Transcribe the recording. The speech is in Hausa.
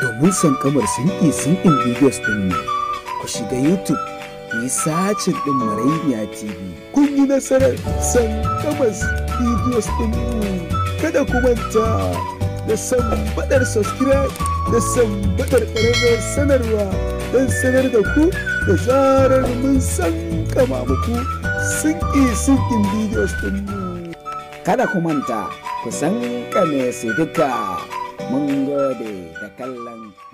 Domin sankamar sun sun in videos ɗin mu, ku shiga YouTube ku yi sacin ɗin Marainiya TV. Kun yi nasarar sankamar videos ɗin mu, kada ku manta da sambaɗar subscribe da sambaɗar ƙararrar sanarwa don sanar da ku da zarar mun sankama muku. sinki sinkin bidiyo su mu kada ku manta ku san kame su duka mun gode da kallon